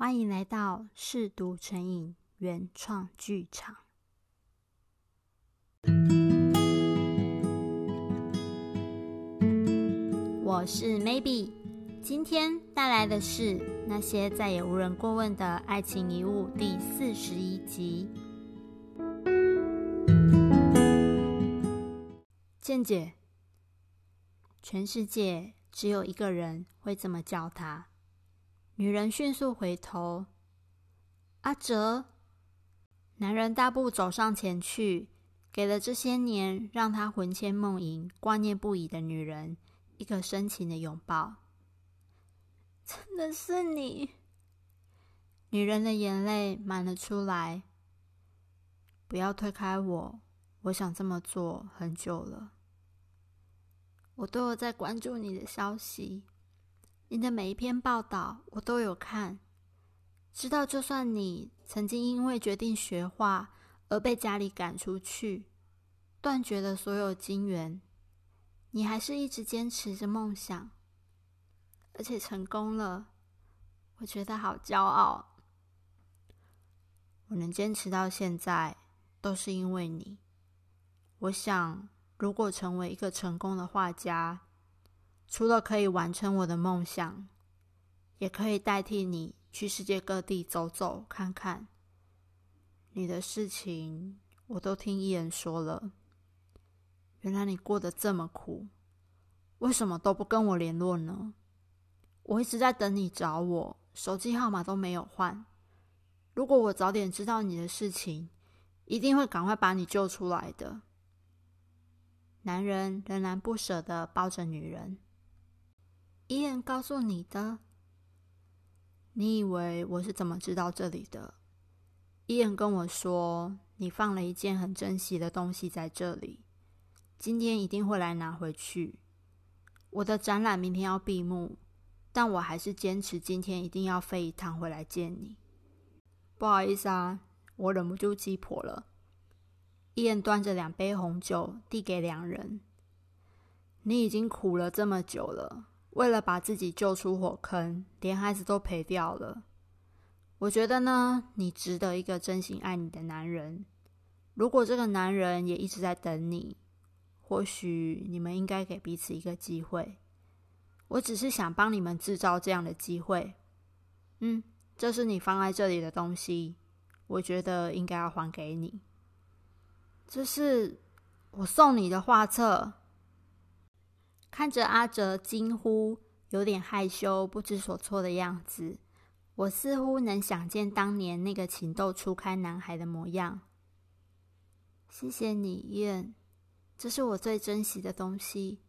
歡迎來到《嗜讀成癮》原創劇場，我是 Maybe，今天帶來的是《那些再也無人過問的愛情遺物》第四十一集。倩姐，全世界只有一個人會這麼叫她。女人迅速回頭。阿哲，男人大步走上前去，給了這些年讓他魂牽夢縈、掛念不已的女人一個深情的擁抱。真的是你！女人的眼淚滿了出來。不要推開我，我想這麼做很久了。我都有在關注你的消息。你的每一篇報道我都有看，知道就算你曾經因為決定學畫而被家裡趕出去，斷絕了所有金援，你還是一直堅持着夢想，而且成功了，我覺得好驕傲。我能堅持到現在都是因為你。我想，如果成為一個成功的畫家。除了可以完成我的夢想，也可以代替你去世界各地走走看看。你的事情我都聽伊人說了，原來你過得這麼苦，為什麼都不跟我聯絡呢？我一直在等你找我，手機號碼都沒有換。如果我早點知道你的事情，一定會趕快把你救出來的。男人仍然不捨得抱着女人。伊恩告訴你的。你以為我是怎麼知道這裡的？伊恩跟我說，你放了一件很珍惜的東西在這裡，今天一定會來拿回去。我的展覽明天要閉幕，但我還是堅持今天一定要飛一趟回來見你。不好意思啊，我忍不住雞婆了。伊恩端着兩杯紅酒遞給兩人。你已經苦了這麼久了。為了把自己救出火坑，連孩子都賠掉了。我覺得呢，你值得一個真心愛你的男人。如果這個男人也一直在等你，或許你們應該給彼此一個機會。我只是想幫你們制造這樣的機會。嗯，這是你放在這裡的東西，我覺得應該要還給你。這是我送你的畫冊。看着阿哲驚呼、有點害羞、不知所措的樣子，我似乎能想見當年那個情竇初開男孩的模樣。謝謝你，燕,這是我最珍惜的東西。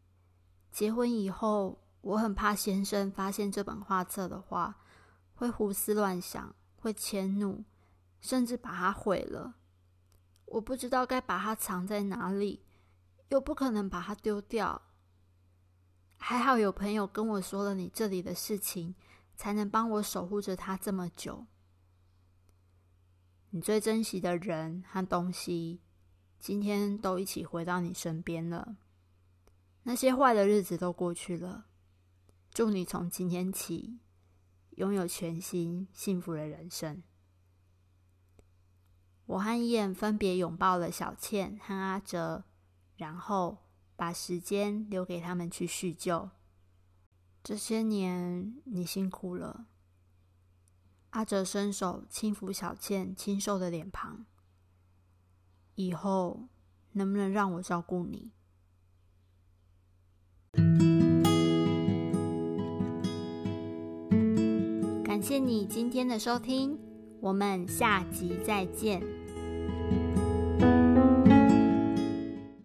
結婚以後，我很怕先生發現這本畫冊的話，會胡思亂想，會遷怒，甚至把它毀了。我不知道該把它藏在哪裡，又不可能把它丟掉。還好有朋友跟我說了你這裡的事情，才能幫我守護着他這麼久。你最珍惜的人和東西，今天都一起回到你身邊了。那些壞的日子都過去了，祝你從今天起擁有全新幸福的人生。我和燕分別擁抱了小倩和阿哲，然後。把時間留給他們去敘舊。這些年，你辛苦了。阿哲伸手輕撫小倩清瘦的臉龐。以後，能不能讓我照顧你？感謝你今天的收聽，我們下集再見。